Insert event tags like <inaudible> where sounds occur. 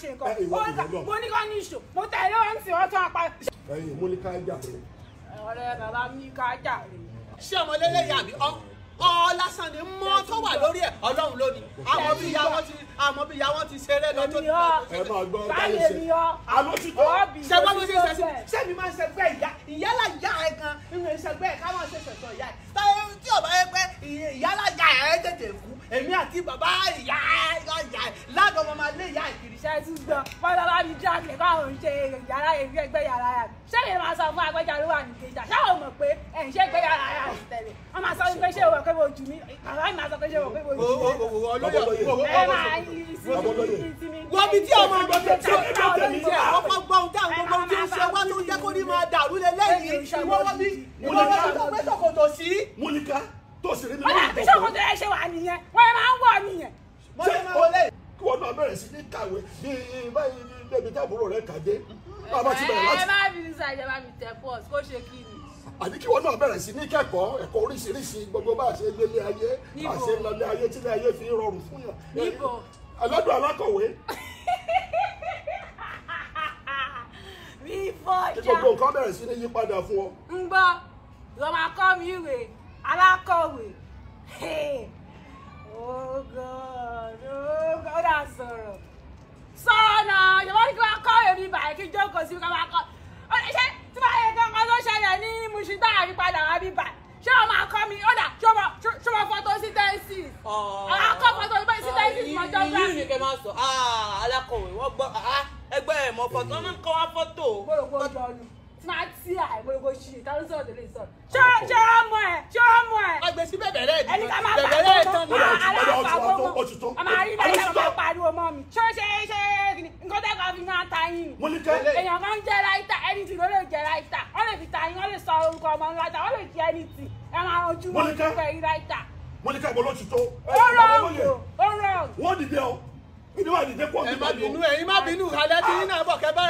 ṣe nǹkan mo ní kọ́ ní ìṣó mo tẹ̀lé wọn tí wọ́n tán apá. ẹyin mo ní ká jà rẹ. ọ̀rẹ́ bàbá mi ká jà rẹ. ṣé ọmọ lélẹ́yìn àbí ọ́ ọlásán ni mọ tó wà lórí ẹ Ọlọ́run lónìí àwọn bí ya wọn ti àwọn bí ya wọn ti ṣeré lọ́jọ́ tó ẹ máa gbọ́ báyìí ṣe àlọ ti tó ṣe wọn ló ṣe ṣe sí sẹbi máa ń ṣẹgbẹ ìyá ìyálà ya ẹ gan nínú ìṣẹgbẹ ẹ káwọn ṣe ṣẹṣọ ìyá ẹ táwọn tí ọba yẹ pé ìyálà ya ẹ tètè kú èmi àti bàbá ìyá ẹ ìyá ẹ̀ ládọ̀ ọmọ máa lé ìyá ẹ̀ kiri. ṣe tún gbọ́ bọ́lá bá mi já àgbẹ̀ káwọn ń ṣe yàrá èmi ẹgbẹ́ yàrá yà mí ṣé èmi máa sọ fún agbẹjọ́rò wà ní kejì àṣà ò mọ̀ pé ẹ̀ ń ṣe ẹgbẹ́ yàrá yà mí tẹ̀lé wọ́n máa sọ pé ṣé ìwọ pé mo jù mí bàbá mi máa sọ pé ṣé ìwọ pé mo jù mí. ẹ máa yí ìsinmi. wọ́n mi tí ọmọ mi ti tí ọmọ mi ti ọkọ̀ gbọ́n dáhùn gbogbo ohun tí ń ṣe wá ló jẹ́ kó ní máa dàrú lélẹ́yìn ìwọ́wọ́ mi ìwọ́wọ́ mi tó kòtò sí. Mónica tó sì rí mi lórí ìdókòwò. wọ́n yà bí sọ́kòtò ẹ ṣe wà nìyẹn wọ́n yà máa ń wọ̀ nìyẹn. mo ní ma wọlé máa bẹ̀rẹ̀ sí ní kàwé bí báyìí débi táàbúrò rẹ̀ kàdé. bàbá ti bẹ̀rẹ̀ láti. ẹ má fi sísá ìjọba mi tẹ̀ pọ̀ kó ṣe kí ni. àbí kí wọn náà bẹ̀rẹ̀ sí ní kẹ́kọ̀ọ́ ẹ̀kọ́ oríṣiríṣi gbogbo bá a ṣe gbélé ayé bá a ṣe lọlé ayé tí ilé ayé fi rọrùn fún yàn. níbo ọlọ́dún alákọ̀wé. mi <laughs> fọjá. kí gbogbo nǹkan bẹ̀rẹ̀ sí ní yípadà fún ọ. ń gbọ́ lọ́ máa kọ́ mi ìwé alákọ̀wé nǹkan sí káwá kọ́ ṣé tí wọ́n yẹ kí nǹkan tó ṣẹlẹ̀ ní Mushin tá a rí padà wá bíbà ṣé wọ́n máa kọ́ mi ó dà ṣé wọ́n fọ́tò sí tẹ́sí àkọ́ fọ́tò sí tẹ́sí mọ́jọ́ gbà mí. ìlú nìkẹ́ máa sọ alákọ̀wé wọ́n gbọ́ ẹgbẹ́ ẹ̀ mọ́ fọ́tò wọ́n máa ń kọ́ wá fọ́tò. Mati àìmọ́ ìgò ṣì ìtàlùsọ̀rọ̀ tẹ̀lé ìsọ̀rọ̀. Ṣé ọmọ ẹ̀ ṣé ọmọ ẹ̀. Àgbèsí bẹ̀bẹ̀ rẹ̀ ni. Ẹni ká ta yín. mo ní kẹ́. èèyàn kan ń jẹ́ láìta anything ló lè jẹ́ láìta wọ́n lè fi ta yín wọ́n lè sọ orúkọ ọmọ ńláta wọ́n lè jẹ́ anything ẹ máa ranjú mọ́ orúkọ yín láìta. mo ní kẹ́ ìbọn ló ti tó. ó rọrùn ó rọrùn. wọ́n dìde o inú wa dìde pọ̀ nípa ló. ẹ má bínú alẹ́ tí yín náà bọ̀ kẹ́ bá